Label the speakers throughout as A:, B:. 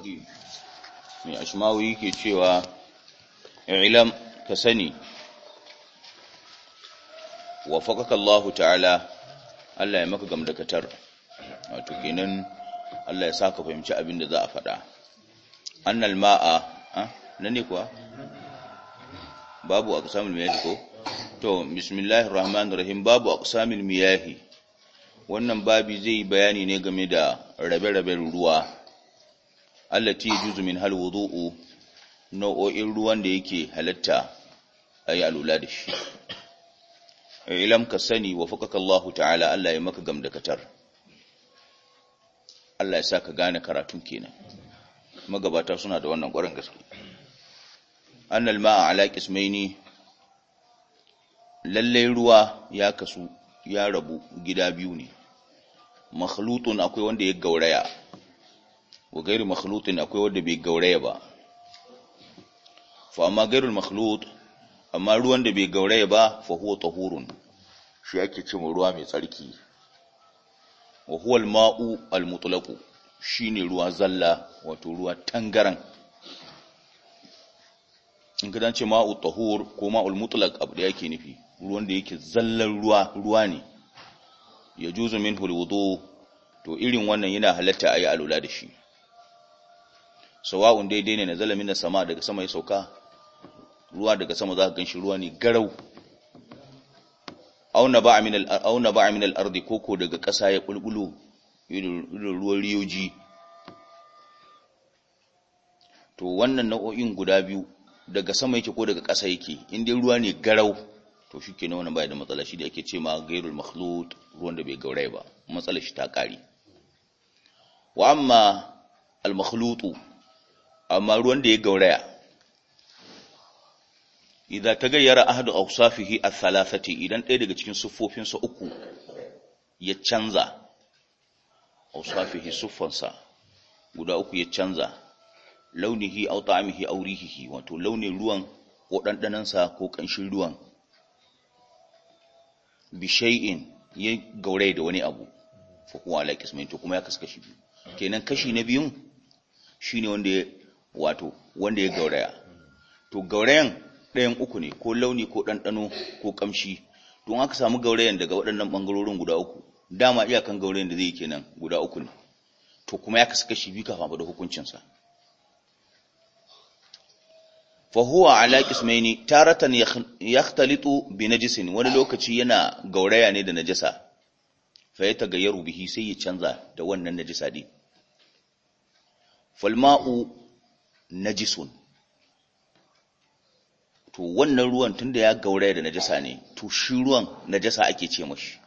A: faɗi mai ashmawi ke cewa ilam ka sani wafakaka Allah ta'ala Allah ya maka gamdakatar wato kenan Allah ya saka fahimci abin da za a faɗa annal ma'a nan ne kuwa babu aqsamul miyahi ko to bismillahir rahmanir rahim babu aqsamul miyahi wannan babi zai bayani ne game da rabe-raben ruwa allati yajuzu min hal wudu'u nau'o'in ruwan da yake halatta ayi alula da shi ilam ka sani wa fakaka Allah ta'ala Allah ya maka gamdakatar Allah ya sa gane karatun kenan magabata suna da wannan ƙwarin gaske annal ma'a ala qismaini lalle ruwa ya kasu ya rabu gida biyu ne makhlutun akwai wanda ya gauraya wa gairu makhlutin akwai wanda bai gauraya ba fa amma Gairu makhlut amma ruwan da bai gauraya ba fa huwa tahurun shi ake cewa ruwa mai tsarki wa huwa al-ma'u al-mutlaq shine ruwa zalla wato ruwa tangaran in ka dace ma'u tahur ko ma'ul mutlaq abu da yake nufi ruwan da yake zallan ruwa ruwa ne Ya minhu min wudu to irin wannan yana halatta ayi alula da shi sawa'un daidai ne na zalamin da sama daga sama ya sauka ruwa daga sama za ka ganshi ruwa ne garau auna ba min ba min al-ardi koko daga ƙasa ya bulbulo irin ruwan riyoji to wannan nau'o'in guda biyu daga sama yake ko daga ƙasa yake in dai ruwa ne garau to shi ke nuna bai da matsala shi da ake ce ma gairul makhlut ruwan da bai gaurai ba matsala shi ta ƙari wa amma al makhlutu amma ruwan da ya gauraya idan ta gayyara ahadu awsafihi a thalathati idan ɗaya daga cikin sa uku ya canza awsafihi sa guda uku ya canza launihi aw ta'amihi aw rihihi wato launin ruwan ko sa ko kanshin ruwan bi shay'in ya gauraye da wani abu fa huwa ala to kuma ya kaskashi kashi kenan kashi na biyun shine wanda ya wato wanda ya gauraya to gaurayan ɗayan uku ne ko launi ko ɗanɗano ko ƙamshi to aka samu gaurayan daga waɗannan ɓangarorin guda uku dama iyakan gaurayan da zai yi kenan guda uku ne to kuma ya kasu kashi biyu kafin da hukuncinsa fa huwa ala qismaini taratan yakhtalitu bi najisin wani lokaci yana gauraya ne da najasa fa ya tagayyaru bihi sai ya canza da wannan najisa din falma'u najisun to wannan ruwan tunda ya gauraya da najasa ne to shi ruwan najasa ake ce mashi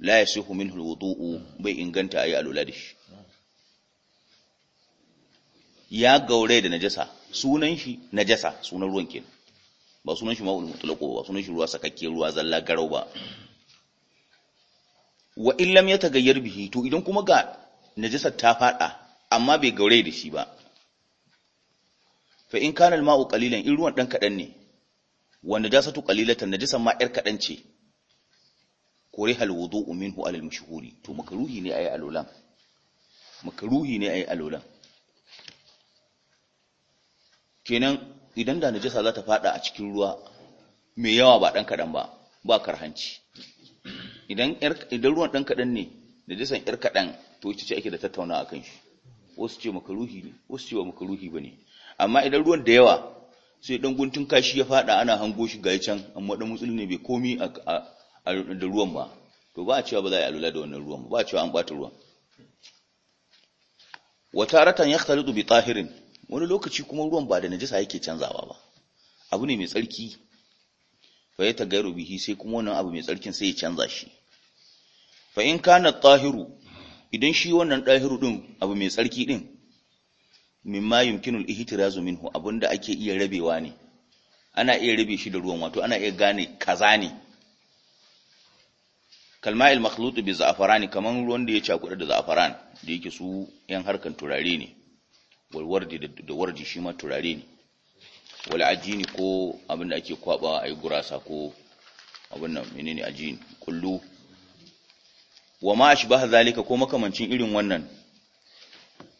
A: la yasihu minhu alwudu bai inganta ayi alula da shi ya gauraya da najasa sunan shi najasa sunan ruwan kenan ba sunan shi ma'ul mutlaqo ba sunan shi ruwa sakakke ruwa zalla garau ba wa illam yatagayyar bihi to idan kuma ga najasa ta fada amma bai gauraya da shi ba fa in kana al-ma'u qalilan in ruwan dan kadan ne wa najasatu qalilatan najasan ma yar kadan ce kore hal wudu'u minhu alal mashhuri to makruhi ne ayi alolan makruhi ne ayi alolan kenan idan da najasa za ta fada a cikin ruwa mai yawa ba dan kadan ba ba karhanci idan idan ruwan dan kadan ne najasan yar kadan to ita ce ake da tattauna akan shi wasu ce makaruhi ne wasu ce ba makaruhi bane amma idan ruwan da yawa sai dan guntun kashi ya fada ana hango shi ga can amma dan mutsul ne bai komi a da ruwan ba to ba a cewa ba za a yi alula da wannan ruwan ba a cewa an bata ruwan wa taratan yakhtalitu bi tahirin wani lokaci kuma ruwan ba da najasa yake canzawa ba abu ne mai tsarki fa ya tagayru bihi sai kuma wannan abu mai tsarkin sai ya canza shi fa in kana tahiru idan shi wannan tahiru din abu mai tsarki din mimma yumkinul ihtirazu minhu abunda ake iya rabewa ne ana iya rabe shi da ruwan wato ana iya gane kaza ne kalma'il makhlutu bi za'farani kaman ruwan da ya cakuɗa da za'faran da yake su yan harkan turare ne walwardi da wardi shi ma turare ne wal ajini ko abinda ake kwaba ayi gurasa ko abin nan menene ajini kullu wa ma ashbaha zalika ko makamancin irin wannan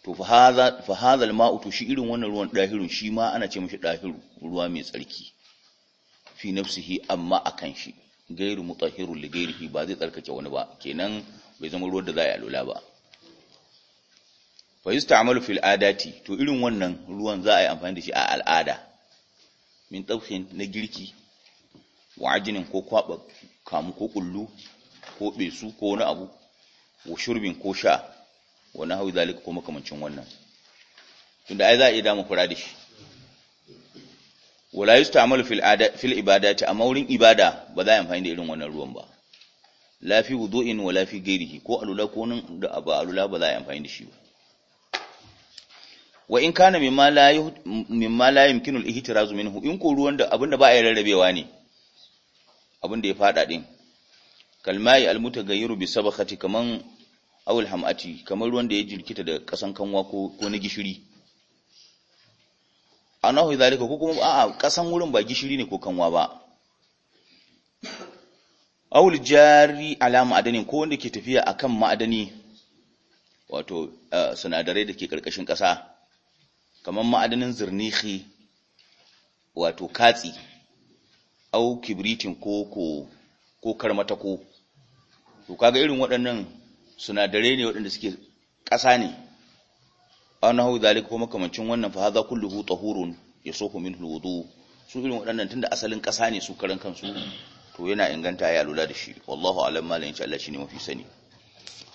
A: to fa hadha al-ma'u to shi irin wannan ruwan dahirun shi ma ana ce mishi dahiru ruwa mai tsarki fi nafsihi amma akan shi gairu mutahhiru li gairihi ba zai tsarkake wani ba kenan bai zama ruwan da za a lula ba fa yusta'malu fil adati to irin wannan ruwan za a yi amfani da shi a al'ada min tabkhin na girki wa ajinin ko kwaba kamu ko kullu ko besu ko wani abu wa shurbin ko sha wa nahwi zalika ko makamancin wannan tunda ai za a iya damu fura da shi wala yusta'malu fil adat fil ibadati amma wurin ibada ba za a yi amfani da irin wannan ruwan ba la fi wudu'in wala fi ghairihi ko alula ko nan da ba alula ba za a yi amfani da shi ba wa in kana mimma la mimma la yumkinu al-ihtirazu minhu in ko ruwan da abinda ba a rarrabewa ne abinda ya fada din kalmai al-mutaghayyiru bi sabakhati kaman awul ham'ati kamar ruwan da ya jirkita da kasan kanwa ko ko na gishiri anahu zalika ko kuma a'a kasan wurin ba gishiri ne ko kanwa ba awul jari ala ma'adanin ko wanda ke tafiya akan ma'adani wato sinadarai da ke karkashin kasa kamar ma'adanin zurnihi wato katsi au kibritin ko ko ko karmatako to kaga irin waɗannan sunadare ne waɗanda suke ƙasa ne hau zalika kuma kamancin wannan fa hadha kulluhu tahurun yasuhu min alwudu su irin waɗannan tunda asalin ƙasa ne su karan kansu to yana inganta ya lura da shi wallahu alam malin insha Allah shine mafi sani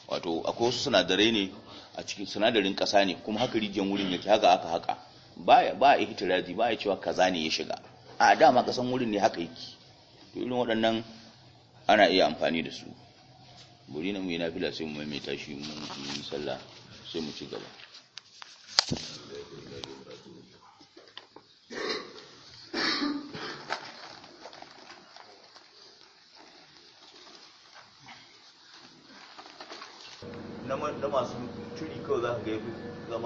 A: wato akwai wasu sunadare ne a cikin sunadarin ƙasa ne kuma haka rijiyar wurin yake haka aka haka ba ba ihtirazi ba a cewa kaza ne ya shiga a dama kasan wurin ne haka yake to irin waɗannan ana iya amfani da su buri na muyi yi nafila sai mu mai tashi mun yi sallah sai mu ci gaba na masu turi kawai za ka ga zama